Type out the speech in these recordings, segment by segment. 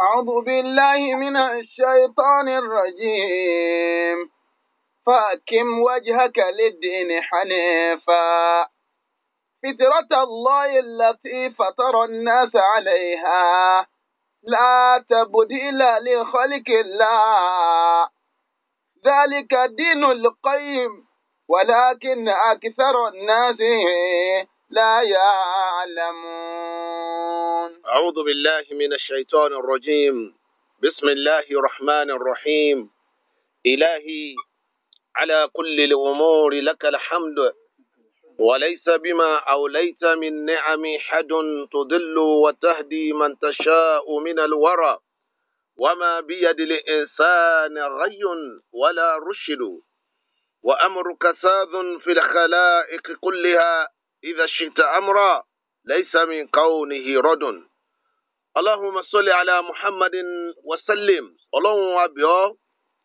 أعوذ بالله من الشيطان الرجيم فأكم وجهك للدين حنيفا فطرة الله التي فطر الناس عليها لا تبديل لخلق الله ذلك دين القيم ولكن أكثر الناس لا يعلمون أعوذ بالله من الشيطان الرجيم بسم الله الرحمن الرحيم إلهي على كل الأمور لك الحمد وليس بما أوليت من نعم حد تضل وتهدي من تشاء من الورى وما بيد الإنسان ري ولا رشد وأمرك ساذ في الخلائق كلها إذا شئت أمرا ليس من كونه رد Allahumma salli ala Muhammadin wa sallim ọlọ́run abíọ́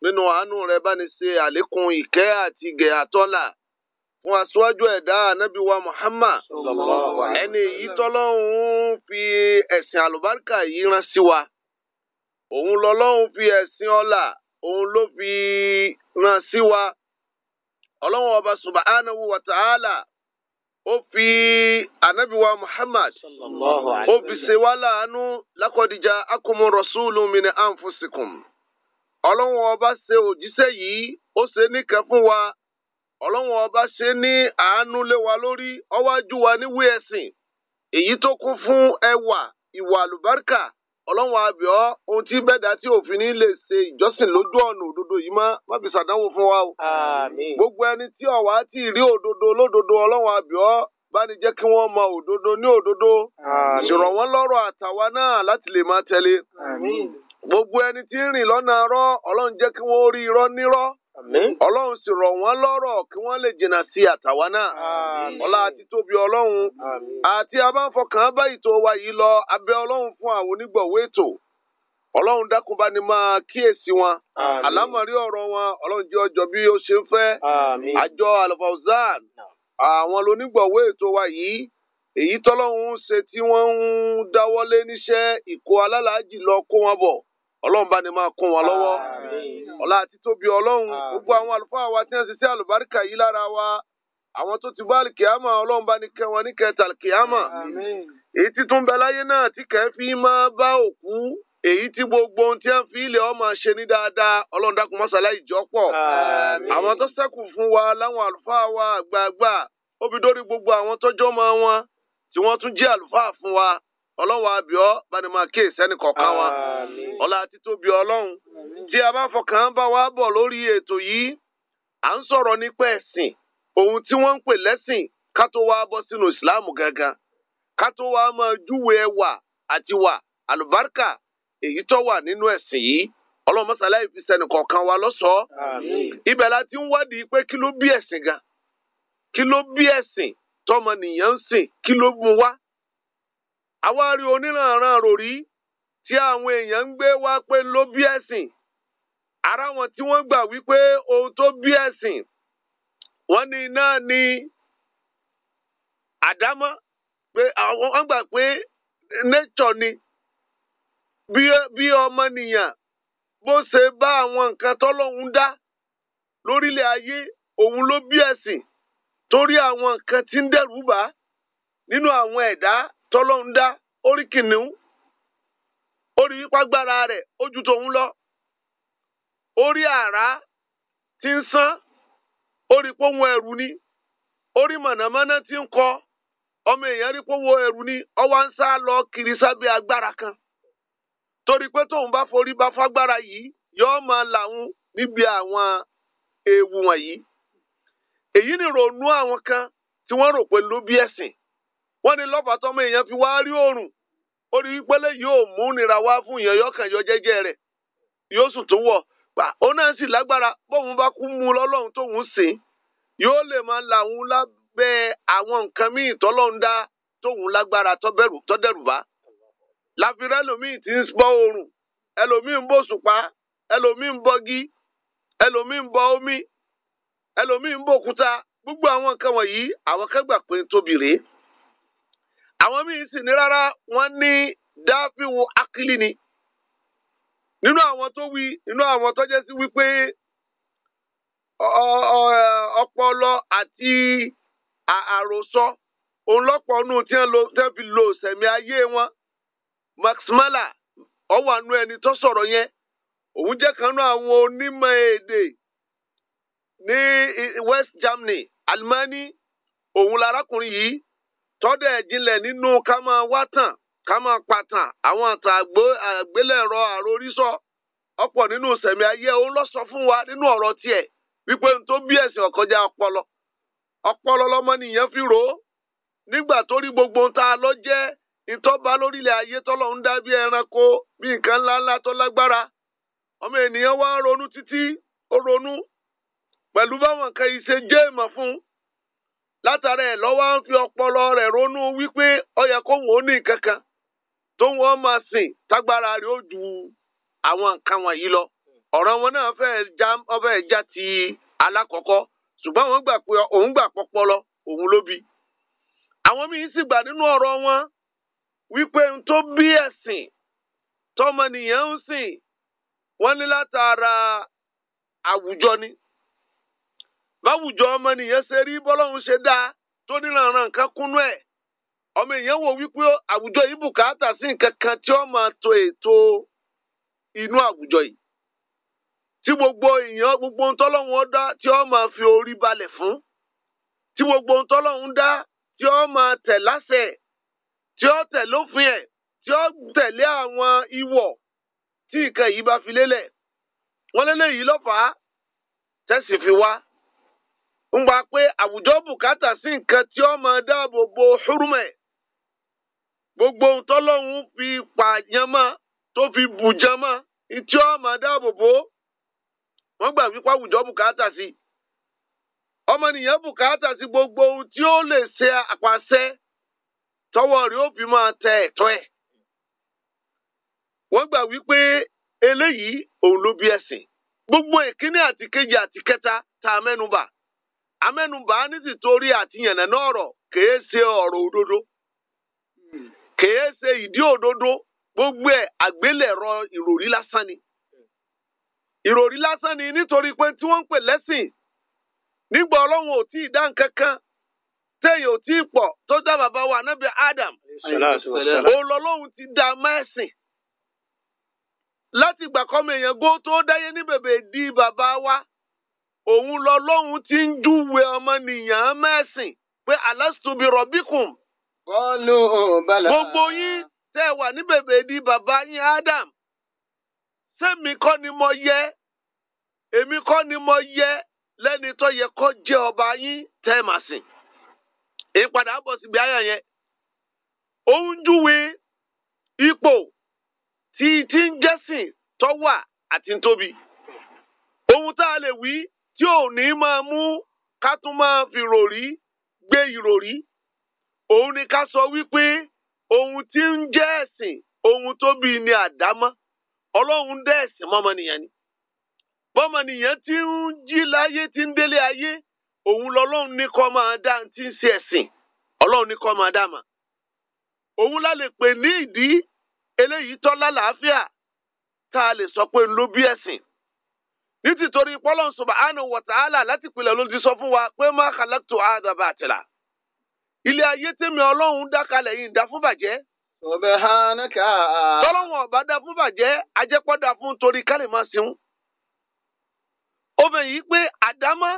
nínú àánú rẹ bá ní ṣe àlékún ìkẹ́ àti ìgẹ̀ àtọ́là fún aṣáájú ẹ̀dá ànábì wa Muhammad ẹni èyí tọ́lọ́run fi ẹ̀sìn àlùbáríkà yìí rán sí wa òun lọ́lọ́run fi ẹ̀sìn ọlà òun ló fi rán sí wa ọlọ́run ọba subhanahu wa ta'ala ó fi anabiwa muhammad ó fi ṣe wá láàánú lákọ̀dìjà akumu rasulu min anfusikum ọlọ́run ọba ṣe òjíṣẹ́ yìí ó ṣe níkan fún wa ọlọ́run ọba ṣe ní àánú lé wa lórí ọwájú wa níwé ẹ̀sìn èyí tó kún fún ẹwà ìwà àlùbáríkà ọlọ́run àbíọ́ ohun tí bẹ́ẹ̀ dá tí òfin ní lè ṣe ìjọsìn lójú ọ̀nà òdodo yìí mọ́ má fi ṣàdánwò fún wa o. gbogbo ẹni tí ọ̀wá ti rí òdodo lódodo ọlọ́run àbíọ́ bá ní jẹ́ kí wọ́n mọ òdodo ní òdodo. àmín. wọ́n lọ́rọ̀ àtàwa náà láti lè máa tẹ̀lé. gbogbo ẹni tí ń rìn lọ́nà arọ́ ọlọ́run jẹ́ kí wọ́n rí irọ́ nírọ́ ọlọ́run sì rọ̀ wọ́n lọ́rọ̀ kí wọ́n lè jìnnà sí àtàwa náà ọlá àti tóbi ọlọ́run àti abáfọkàn bá ètò wa yìí lọ abẹ́ ọlọ́run fún àwọn onígbọ̀wé ètò ọlọ́run dákun bá ní máa kíyèsí wọn àlámọ̀rí ọ̀rọ̀ wọn ọlọ́run jẹ́ ọjọ́ bí ó ṣe ń fẹ́ àjọ alfauzan àwọn lonígbọ̀wé ètò wa yìí èyí tọ́lọ́run ṣe tí wọ́n ń dáwọ́lé níṣẹ́ ìkó alálàájì lọ kó wọn bọ̀ ọlọ́run bá ní máa kún wọn lọ́wọ́ ọlá àti tóbi ọlọ́run gbogbo àwọn àlùfáà wa tí wọ́n ṣiṣẹ́ àlùbáríkà yìí lára wa àwọn tó ti bá àlìkìyàmà ọlọ́run bá ní kẹ́ wọn ní kẹta àlìkìyàmà èyí tí tún bẹ láyé náà tí kẹ́ fi máa bá òkú èyí tí gbogbo ohun tí wọ́n fi ilẹ̀ ọmọ ṣe ní dáadáa ọlọ́run dákun mọ́sálá ìjọpọ̀ àwọn tó ṣẹ́kù fún wa láwọn àlùfáà wa àgbààgbà ó fi dórí gbogbo àwọn tọ́jọ́ mọ́ wọn tí wọ́n tún jẹ́ àlùfáà fún wa ọlọ́wọ́ àbíọ́ bani máa kí ìsẹ́ni kọ̀ọ̀kan wa ọlá títóbi ọlọ́run tí a bá fọkàn bá wa bọ̀ lórí ètò yìí à ń sọ̀rọ̀ nípa ẹ̀sìn ohun tí wọ́n ń pè lẹ́sìn ká tó wá bọ́ sínú ìsìláàmù gangan ká tó wá máa júwe ẹwà àti wà àlùbáríkà èyí tó wà nínú ẹ̀sìn yìí ọlọ́run mọ́sálá yìí fi sẹ́ni kọ̀ọ̀kan wa lọ́sọ̀ọ́ ibẹ̀ la ti ń wádìí pé kí ló bí ẹ̀sìn gan kí ló bí ẹ̀sìn tọmọnìyàn ń sìn kí ló mú wá àwa rí oníranran ròrí tí àwọn èèyàn ń gbé wá pé ló bí ẹsìn ara wọn tí wọn gbà wípé ohun tó bí ẹsìn wọn ní náà ni àdámọ́ pé àwọn wọ́n gbà pé nature ni bí ọmọnìyàn bó ṣe bá àwọn nǹkan tọ́lọ́hun dá lórílẹ̀ ayé òun ló bí ẹsìn torí àwọn nǹkan tí ń dẹ́rù bà nínú àwọn ẹdá. tọ́lọ́hún dá orí kìnìún orí pàgbára rẹ̀ ojú tòun lọ orí àrá tí ń sán orí pohùn ẹrù ni orí mọ̀nàmọ́ná tí ń kọ ọmọ èèyàn rí pohùn ẹrù ni ọwọ́ ń sá lọ kiri sábẹ́ agbára kan torí pé tóun bá forí bá fágbára yìí yóò máa làwọn níbi àwọn ewu wọ̀nyí èyí ni rònú àwọn kan tí wọ́n rò pé ló bí ẹ̀sìn wọ́n ní lọ́fà tọ́mọ èèyàn fi wá rí oòrùn orí rí yóò mú nira wá fún èèyàn jẹ́jẹ́ rẹ̀ yóò tó wọ̀ gbà náà sì lágbára bóun bá kú mú lọ́lọ́run tóun sìn yóò lè máa làwọn lábẹ́ àwọn nǹkan míì dá lágbára bá ẹlòmíì ti ń oòrùn ẹlòmíì ń bọ́ àwọn míín sì ní rárá wọ́n ní dáfíwù akílì ni nínú àwọn tó wí nínú àwọn tó jẹ́ sí wípé ọpọlọ àti àròsọ òun lọ́pọ̀ ọ̀nù tí wọ́n fi lo ìsẹ̀mí ayé wọn Max Mahler ọwọ́ àánú ẹni tó sọ̀rọ̀ yẹn òun jẹ́ kan náà àwọn onímọ̀ èdè ní West Germany Alimani òun larákùnrin yìí tọ́dẹ̀ ẹ̀jìnlẹ̀ nínú ká máa wá tàn ká máa pàtàn àwọn àtàn àgbélẹ̀rọ àrorísọ ọ̀pọ̀ nínú sẹ̀mí ayé òun lọ sọ fún wa nínú ọ̀rọ̀ tiẹ̀ wípé n tó bí ẹ̀sìn ọ̀kọjá ọpọlọ ọpọlọ lọmọ nìyẹn fi rò nígbà tó rí gbogbo ohun tá a lọ jẹ́ ìtọ́ba lórílẹ̀ ayé tọ́lọ̀ látara ẹ̀ lọ́wọ́ ń fi ọpọlọ rẹ̀ ronú wípé ó yẹ kó wọn ó ní nǹkan kan tó wọn máa sìn tágbára rẹ̀ ó ju àwọn nǹkan wọ̀nyí lọ ọ̀rọ̀ wọn náà fẹ́ẹ́ já ọfẹ́ já ti alákọ̀ọ́kọ́ ṣùgbọ́n àwọn gbà pé òun gbà pọpọlọ òun ló bi àwọn míín sì gbà nínú ọ̀rọ̀ wọn wípé n tó bí ẹ̀sìn tọmọnìyàn ń sìn wọ́n ní látara àwùjọ ni. báwùjọ ọmọ nìyẹn ṣe rí bọ́lọ́run ṣe dáa tó níranran nǹkan kúnú ẹ̀ ọmọ èèyàn wò wípé àwùjọ yìí bùkátà sí nǹkan kan tí ó máa to ètò inú àwùjọ yìí tí gbogbo èèyàn gbogbo ohun tọ́lọ́run dá tí ó máa fi orí balẹ̀ fún tí gbogbo ohun dá tí máa tẹ̀ tí tẹ̀ lófin ẹ̀ tí tẹ̀lé àwọn ìwọ̀ tí nǹkan yìí bá ń gba pé àwùjọ bùkátà sí nǹkan tí ó máa dáàbò bo hurumẹ̀ gbogbo ohun tọ́lọ́hún fi pààyàn mọ́ tó fi bùjẹ́ mọ́ tí ó máa dáàbò bo wọ́n gbà wípé àwùjọ bùkátà sí ọmọnìyàn bùkátà sí gbogbo ohun tí ó lè ṣe àpàṣẹ tọwọ́ rẹ̀ ó fi máa tẹ ẹ̀tọ́ ẹ̀ wọ́n gba wípé eléyìí òun ló bí ẹ̀sìn gbogbo ìkíní àti kejì àti kẹta tá a mẹ́nubà amẹ́nubà ní sì torí àtìyànnà náà rọ̀ kèé ṣe ọ̀rọ̀ òdodo kèé ṣe ìdí òdodo gbogbo ẹ̀ e, àgbélẹ̀rọ ìròrí lásán ni ìròrí lásán ni nítorí pé tí wọ́n ń pè lẹ́sìn nígbà ọlọ́run ò tí ì dá nǹkan kan téèyàn ò tí ì pọ̀ tó dá bàbá wa nábì Adam olọ́lọ́run ti dá mẹ́sìn láti gbà kọ́mọ èèyàn gbó tó dáyé ní bèbè di bàbá wa òun lọ lóhun ti ń júwe ọmọnìyàn mẹ́sìn pé alastubi rọ̀bíkùn. bọ́ọ̀lù bàlá. gbogbo yín tẹ́ ẹ wà ní bèbè di bàbá yín Adam sẹ́mi kọ́ ni mo yẹ èmi kọ́ ni mo yẹ lẹ́ni tó yẹ kó jẹ́ ọba yín tẹ́ ẹ mà sìn. ìpadà bọ̀ síbi ayọ̀ yẹn ó ń júwe ipò tí tí ń jẹ́sìn tó àti ń tóbi. ohun tá a lè wí tí ò ní máa mú ká tún máa fi ròrí gbé ìròrí òun ni ká sọ wípé ohun tí ń jẹ́ ẹ̀sìn ohun tó bí ni àdámọ́ ọlọ́run dẹ́ ẹ̀sìn mọ́mọnìyàn ni bọ́mọnìyàn ti ń jí láyé ti ń délé ayé òun lọ́lọ́run ní kọ́ máa dá tí ń ṣe ẹ̀sìn ọlọ́run ní kọ́ máa dá mà òun la lè pè ní ìdí eléyìí tọ́ lálàáfíà tá a lè sọ pé ń ló bí ẹ̀sìn nítorí pọ́lọ́n subhanahu wa ta'ala láti pilẹ̀ ló ti sọ fún wa pé má khalaqtu hadha batila. ilé ayé tèmi ọlọ́run dákalẹ̀ yìí dá fún bàjẹ́. subhanaka. tọ́lọ́wọ̀n ọ̀bá dá fún bàjẹ́ ajẹ́pọ̀ dá fún torí kálí máa sìn. ó fẹ́ yìí pé àdámọ́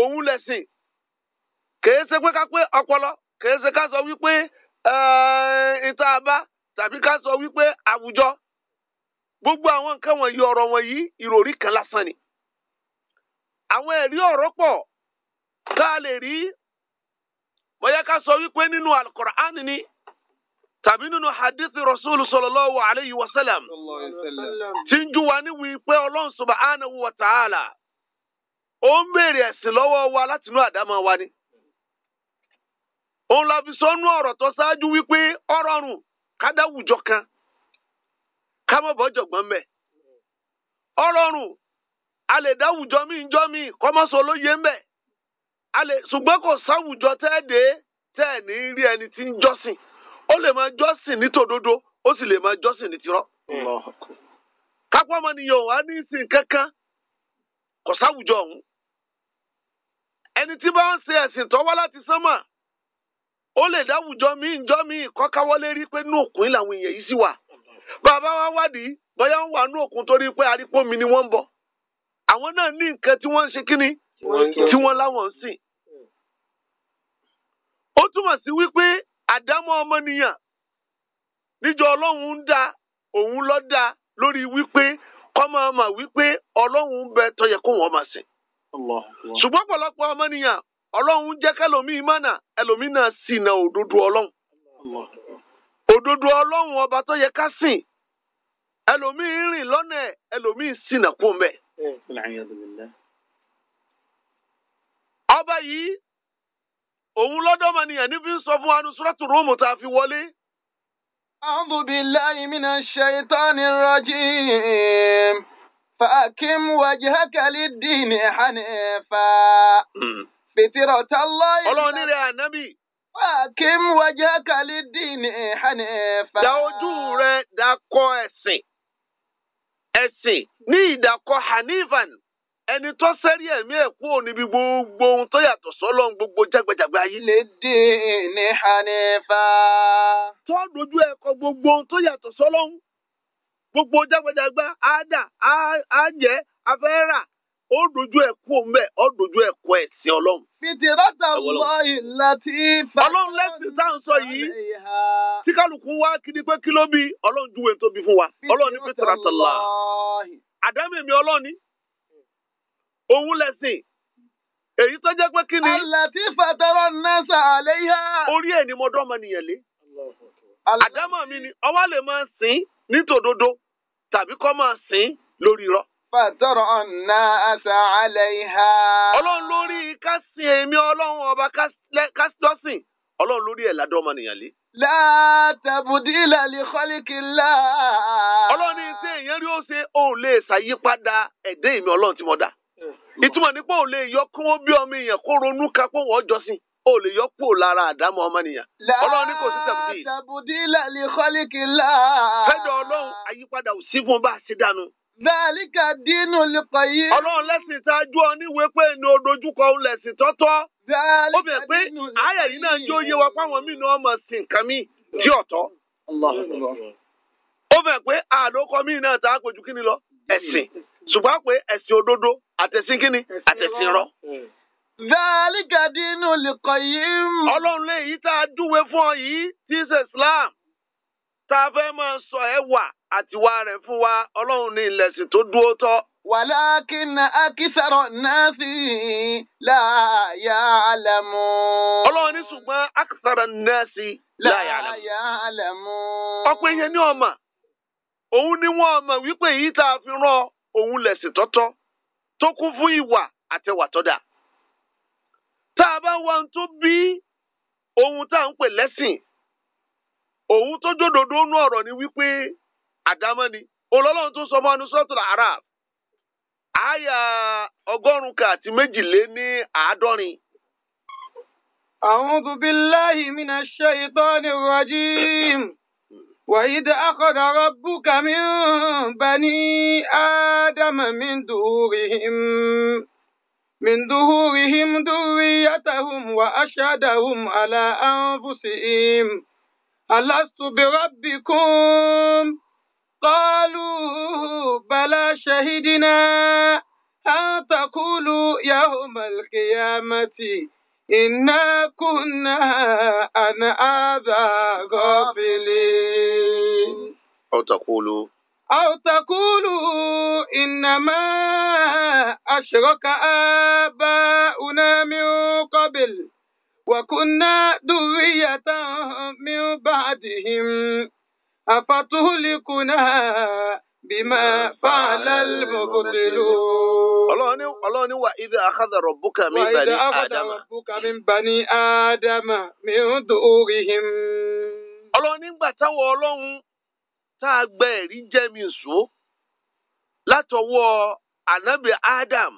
òun lẹ̀sìn. kèé ṣe pé ká pé ọpọlọ kèé ṣe ká sọ wípé ìta àbá tàbí ká sọ wípé àwùjọ gbogbo àwọn nǹkan wọ̀nyí ọ̀rọ̀ wọ̀nyí ìròrí kan lásán ni. àwọn ẹ̀rí ọ̀rọ̀ pọ̀ a lè rí bóyá ká sọ wípé nínú ni tàbí nínú hadithi rasul sallallahu alayhi wa tí ń ju wa ní wípé ọlọ́run wa ó ń wa láti inú àdámọ́ wa ni. òun la fi sọ́nú ọ̀rọ̀ tó ṣáájú wípé kan kámọ́ bọ́ jọ̀gbọ́n mẹ́ ọlọ́run a lè dá àwùjọ míì jọ míì kọ́mọ́sọ ló yé mẹ́ a lè ṣùgbọ́n kò sáwùjọ ní rí ẹni tí ń jọ́sìn ó lè máa jọ́sìn ní tòdodo ó sì lè máa jọ́sìn ní tirọ́ kápọ́ ọmọnìyàn wà ní ìsìn kankan kò sáwùjọ ọ̀hún ẹni tí bá ń ṣe ẹ̀sìn tó wá láti sánmà ó lè dáwùjọ kọ́káwọ́lé bàbá wa wádìí bóyá ń wà ní òkun torí pé arípò mi ni wọ́n ń bọ̀ àwọn náà ní nǹkan tí wọ́n ń ṣe kíni tí wọ́n láwọn ń sìn. ó túmọ̀ sí wípé àdámọ́ ọmọnìyàn níjọ ọlọ́run ń dá òun ló dá lórí wípé kọ́mọ ọmọ wípé ọlọ́run ń bẹ tó yẹ kó wọ́n máa sìn. ṣùgbọ́n pọ̀lọpọ̀ ọmọnìyàn ọlọ́run jẹ́ kẹlòmíì mánà ẹlòmíì náà sì na òdodo ọlọ́run. òdodo ọlọ́run ọba tó yẹ ká sìn rìn lọ́nà ẹ̀ ẹlòmíì ṣìnà kún mẹ́. ọba yìí òun lọ́dọ́mọnìyàn ní níbi ń sọ fún wa ní a fi wọlé. أعوذ بالله من الشيطان الرجيم فأقم وجهك للدين حنيفا فطرة الله Wàkìm wájà kàlídìní Hanifa. Da ojú rẹ dakọ ẹ̀sìn. Ẹ̀sìn ní ìdàkọ Hanifan. Ẹni tó sẹ́rí ẹ̀mí ẹ̀ kúrò níbi gbogbo ohun tó yàtọ̀ sọ́lọ́run gbogbo jágbajàgba ayé. Lédè ní Hanifa. Tó dojú ẹ̀kọ́ gbogbo ohun tó yàtọ̀ sọ́lọ́run. Gbogbo jágbajàgba á dà á jẹ́ afẹ́ rà ó dojú ẹ kú òun bẹ́ẹ̀ ó dojú ẹ kọ ẹ̀sìn ọlọ́run. fìtìrọ́tà lọ ìlà tí fà. ọlọ́run lẹ́sìn tá à ń sọ yìí tí kálukú wá kiri pé kí ló bí ọlọ́run júwe tó bí fún wa ọlọ́run ní fìtìrọ́tà lọ. àdámì mi ọlọ́run ni òun lẹ́sìn èyí tó jẹ́ pé kí ni. àlà tí fàtàrọ̀ náà sàlẹ̀ yá. orí ẹ̀ ni mo dọ́ ọmọ nìyẹn lé. àdámọ̀ mi ni ọwọ́ lè máa sìn ní tòdodo tàbí kọ́ máa sìn lórí irọ́ fàtọ́rọ̀ ọ̀nà àṣà àlẹ́ ìhà. ọlọ́run lórí ká èmi ọlọ́run ọba ká ọlọ́run lórí ẹ̀ ládọ́ ọmọnìyàn lé. látàbùdí ìlàlẹ̀ kọ́líkìlá. ọlọ́run ní èèyàn rí ó ṣe ó lè ṣàyípadà ẹ̀dẹ́ ìmí ọlọ́run tí mo dá. Eh. ìtumọ̀ nípa ò lè yọ kí bí ọmọ èèyàn kó ronú ká pé wọ́n jọ́sìn ó lè yọ kúrò lára àdámọ̀ ọmọnìyàn. látàbùdí ìlàlẹ̀ kọ́líkìlá. fẹ́dọ̀ ọlọ́run Dàlíkà dínú lukọ̀ yìí. Ọlọ́run lẹ́sìn ṣáájú ọ níwèé pé ní odojúkọ òun lẹ̀sìn tọ́tọ́. Ó bẹ̀ pé ààyè yìí náà ń jó yé wa páwọn míì náà mọ̀ sí nǹkan míì tí ọ̀tọ̀. Ó bẹ̀ pé àlókọ míì náà tá a kojú kí ni lọ? Ẹ̀sìn. Ṣùgbọ́n pé ẹ̀sìn òdodo àtẹ̀sìn kí ni? Àtẹ̀sìn rọ. Dàlíkà dínú lukọ̀ yìí. Ọlọ́run lè yí tá a júwe fún ọ yìí tí í ṣe Islam. Tá a fẹ́ àtiwá rẹ̀ fún wa ọlọ́run ní ìlẹ̀sìn tó dúró tọ́. Wàlákìnà Akísàrọ̀ Nàásì láàyà àlàmú. Ọlọ́run ní ṣùgbọ́n Akísàrọ̀ Nàásì láàyà àlàmú. Ọ̀pọ̀ èèyàn ní ọmọ, òun ni wọn mọ̀ wípé èyí tá a fi rán òun lẹ̀sìn tọ́tọ́ tó kún fún ìwà àtẹwà tọ́dà. Tá a bá wá tó bí ohun tá à ń pè lẹ́sìn, òun tó jódodo nú ọ̀rọ̀ ni wípé àdámọ́ ni olólùwọ́n tún sọ mọ́ ní sọ́tùlà arab àyà ọgọ́rùn-ún kan àti méjìlé ní àádọ́rin. أعوذ بالله من الشيطان الرجيم وإذ أخذ ربك من بني آدم من ظهورهم من ظهورهم ذريتهم وأشهدهم على أنفسهم ألست بربكم قالوا بلى شهدنا أن تقولوا يوم القيامة إنا كنا أن هذا غافلين أو تقولوا أو تقولوا إنما أشرك آباؤنا من قبل وكنا ذرية من بعدهم أفتهلكنا bímọ fàlẹ́lmọ̀bùtìlù. ọlọ́ọ̀ni ọlọ́ọ̀ni wa ibi akadà rọ̀bùkà mi bani wa ibi akadà rọ̀bùkà mi bani adama mi ń ọlọ́ọ̀ni gbà táwọn ọlọ́run tá gbẹ ẹ̀rí jẹ́ mi anabi adam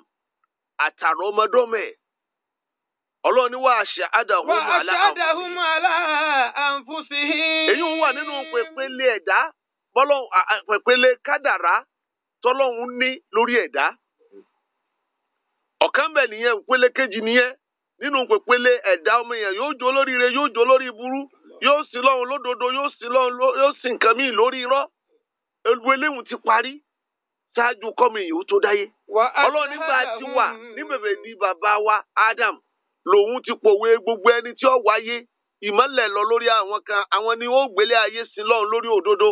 أنفسهم èyí ń wà nínú pèpele ẹ̀dá bọ́lọ́ pèpele kádàrá tọ́lọ́hún ní lórí ẹ̀dá ọ̀kan bẹ̀ nìyẹn pèpele kejì nìyẹn nínú pèpele ẹ̀dá ọmọ yẹn yóò jó lórí ire yóò jó lórí burú yóò lódodo yóò yóò nǹkan míì lórí irọ́ ti parí ṣáájú wà ní ìmọ́lẹ̀ lọ lórí àwọn kan àwọn ni wọ́n gbélé ayé sí lọ́run lórí òdodo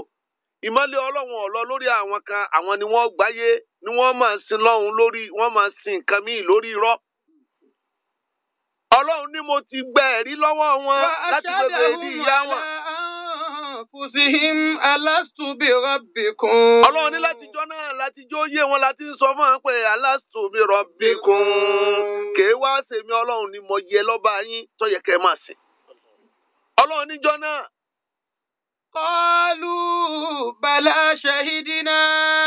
ìmọ́lẹ̀ ọlọ́run ọ̀lọ́ lórí àwọn kan àwọn ni wọ́n gbáyé ni wọ́n máa sin lọ́run lórí wọ́n máa sin nǹkan míì lórí irọ́. ọlọ́run ni mo ti gbẹ ẹ̀rí lọ́wọ́ wọn láti bèbè ní ìyá wọn. Fusihim alastu bi rabbikum. Ọlọ́run ní látijọ́ náà látijọ́ yé wọn láti ń sọ fún wọn pé alastu bi rabbikum. Kèé wá sèmi ọlọ́run ni mo yẹ lọ́ba yín tó yẹ kẹ́ máa sìn. ọlọ́run níjọ́ náà. Kọ́lù bàlá ṣahidina.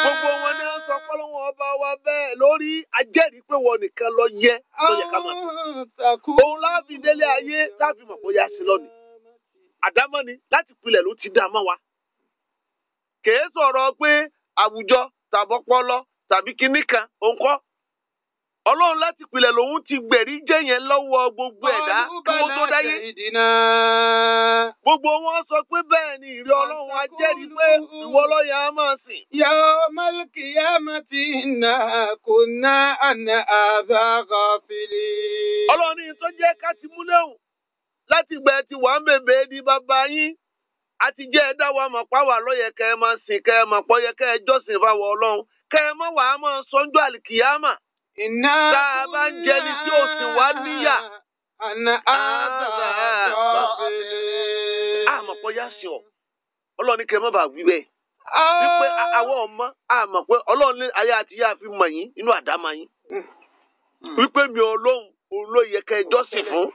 Gbogbo wọn ni wọ́n sọ ọba wa bẹ́ẹ̀ lórí ajẹ́rìí pé nìkan lọ yẹ ló yẹ ká máa tó. Òun láàfin délé ayé láàfin mọ̀ bóyá sí lónìí. Àdámọ́ ni láti pilẹ̀ ti dá wa. Kèé sọ̀rọ̀ pé àwùjọ tàbí kinní kan òun kọ́ ọlọ́run láti pilẹ̀ lòun ti gbẹ̀rí jẹ́ yẹn lọ́wọ́ gbogbo ẹ̀dá kí wọ́n tó dáyé. gbogbo wọn sọ pé bẹ́ẹ̀ ni ìrẹ́ ọlọ́run á pé ìwọ lọ́yà á máa sìn. ya malki ya mati na kò ná àná àbá kọfìlì. ọlọ́run ní tó jẹ́ ká ti mú léwu láti gbẹ ti wà ń bèbè di bàbá yín àti jẹ́ ẹ̀dá wa mọ̀ páwà lọ́yẹ kẹ́ ẹ máa sìn kẹ́ ẹ mọ̀ pọ́yẹ kẹ́ ẹ jọ́sìn fáwọn ọlọ́run kẹ́ ẹ mọ̀ wàá máa sọ́njú àlìkìyàmà. iná tá a bá ń jẹni tí o sì wá níyà. àná àbá yá ọ ọlọ́run nike kẹ́ ẹ má bàa wí bẹ́ẹ̀ wípé ah. àwọn ọmọ àmọ̀ pé ọlọ́run ní ayé àti ìyá fi mọ̀ yín nínú àdámà yín hmm. wípé mi ọlọ́run òun ló yẹ kẹ́ ẹ jọ́sìn fún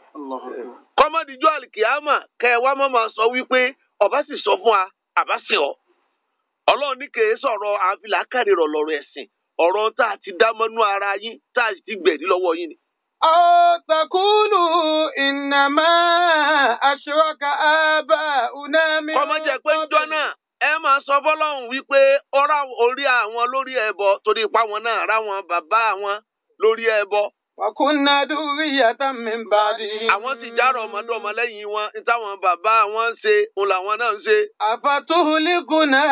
kọ́mọ́dìjọ́ àlìkìyàmà kẹ́ ẹ wá mọ́ sọ wípé ọba sì sọ fún wa àbá sì ọ ọlọ́run ní sọ̀rọ̀ àfilà kárìrọ̀ lọ́rọ̀ ẹ̀sìn ọ̀rọ̀ tá a ti dá mọ́nú ara yín tá a ti gbẹ̀rí lọ́wọ́ yín ni. Ọ̀tàkùnù ìnàmá aṣọ́ka àbá unami. Kọ́mọ́jẹ pé ń jọ náà ẹ máa sọ fọlọ́run wípé ọ̀rá orí àwọn lórí ẹbọ torí ipá wọn náà ra wọn bàbá wọn lórí ẹbọ Wàkúnná dúríyà tá mi Àwọn ti járọ̀ ọmọdé ọmọlẹ́yìn wọn táwọn bàbá wọn ń ṣe òun náà ń ṣe. Àfàtúhùlígùnà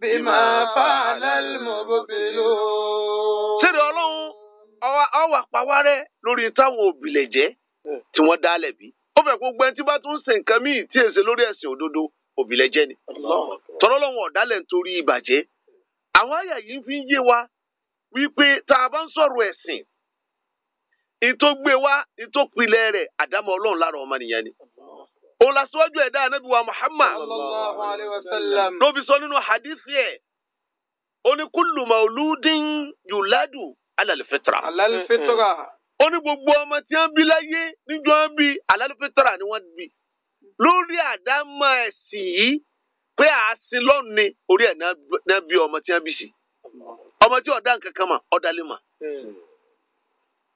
bímọ fàlálmọ̀bọ̀bìlò. Sèrè Ọlọ́run ọwà pàwárẹ́ lórí táwọn òbílẹ̀ jẹ́ tí wọ́n dálẹ̀ bí. Ó fẹ́ kó gbẹ́ntí bá tún ṣe nǹkan míì tí èsè lórí ẹ̀sìn òdodo òbílẹ̀ jẹ́ ni. ọ̀dálẹ̀ nítorí fi ń a ìtò gbé wá ìtò pilẹ̀ rẹ̀ àdámọ̀ ọlọ́run lára ọmọnìyàn ni. olùsọ́jú ẹ̀dá anábì wa muhammad ló fi sọ nínú hadith yẹ ó ní kullu mauludin yuladu alalifitra. alalifitra. ó ní gbogbo ọmọ tí wọ́n bí láyé níjọ́ wọ́n bí alalifitra ni wọ́n bí lórí àdámọ̀ ẹ̀sìn yìí pé àásìn lọ́ọ̀ni orí ẹ̀ náà bí ọmọ tí wọ́n bí sí ọmọ tí ọ̀dà nǹkan kan mà ọ̀dàlẹ̀ mà. Hmm.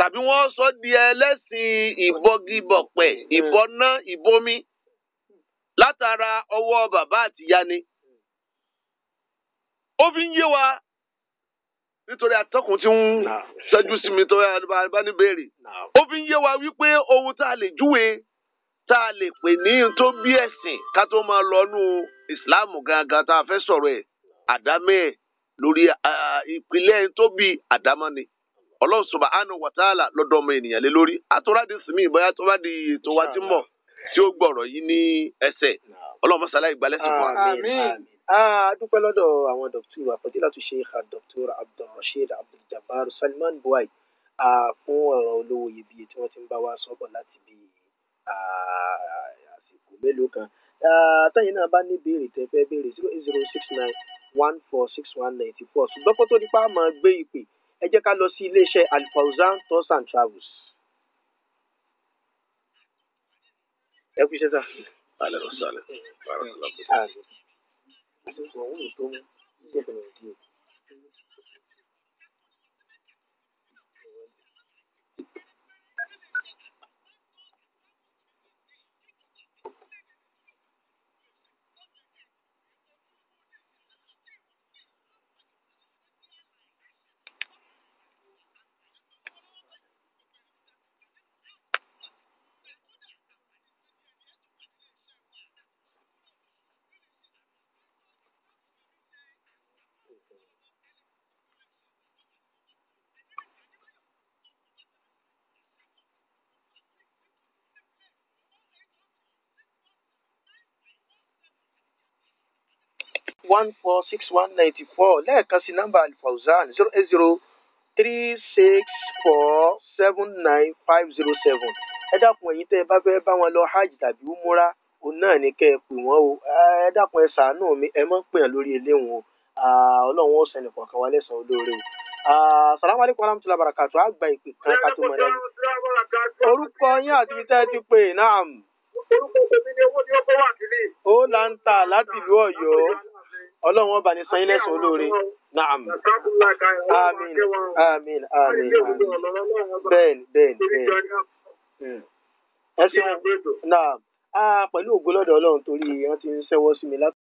tàbí wọ́n sọ di ẹlẹ́sìn ìbọgibọ̀pẹ̀ hmm. ìbọná ìbomi látara ọwọ́ bàbá àtìyá ni. ó fi ń yé wa nítorí atọ́kùn tí ń ṣẹ́jú sí mi tó bá ní béèrè. ó fi ń yé wa wípé ohun tá a lè júwe tá a lè pè ní tó bí ẹ̀sìn ká tó máa lọ nú ìsìláàmù gangan tá a fẹ́ sọ̀rọ̀ ẹ̀ àdámẹ́ ẹ̀ lórí ìpìlẹ̀ tó bí àdámọ́ ni ọlọ́run subhanahu wa ta'ala lọ́dọ̀ ọmọ ènìyàn lé lórí àtúrádì sinmi ìbáyà tó bá di ètò wa ti mọ̀ tí ó gbọ̀rọ̀ yìí ní ẹsẹ̀ ọlọ́run mọ́sálá ìgbàlẹ̀ sí fún wa. a lọ́dọ̀ àwọn dọ̀tú wa fadilatu sheikh dr abdulrasheed abduljabar salman buhari fún ọ̀rọ̀ olówó iyebíye tí wọ́n ti ń bá wa sọ́bọ̀ láti bí àsìkò mélòó kan tẹ́yìn náà bá ní béèrè tẹ́ fẹ́ béèrè zero eight zero six nine one four six one ninety four ṣùgbọ́n kó tó nípa máa gbé ìpè ẹ jẹ́ ká lọ sí iléeṣẹ́ Alfauzan tours and travels. ẹ kú iṣẹ́ sá. alẹ́ rọ̀ sálẹ̀. one four six one ninety four lẹ́ẹ̀kan sí nọ́mbà alfauzan zero eight zero three six four seven nine five zero seven ẹ dákun ẹ̀yin tẹ́ ẹ bá fẹ́ bá wọn lọ hajj tàbí umura òun náà ní kẹ́ ẹ pè wọ́n o ẹ dákun ẹ ṣàánú mi ẹ mọ́ pè hàn lórí ilé wọn ọlọ́run ó sẹ́ni kọ̀ọ̀kan wa lẹ́sàn-án olóore o. salamu aleykum warahmatullahi wabarakatuh a gba ìpè kan ká tó mọ̀ lẹ́nu. orúkọ yín àti ibi tẹ́ ẹ ti pè náà. orúkọ tèmi ni owó ni ó bọ́ wà sílẹ̀. ó là ń ta láti ìlú ọ̀yọ́ ọlọ́run ọba ní sanyí lẹ́sùn olóore naam amin amin amin bẹ́ẹ̀ni bẹ́ẹ̀ni bẹ́ẹ̀ni hmm. ẹ ṣeun naam ah, pẹ̀lú ògbólọ́dọ̀ ọlọ́run torí wọ́n ti ń ṣẹ́wọ́ sí mi láti.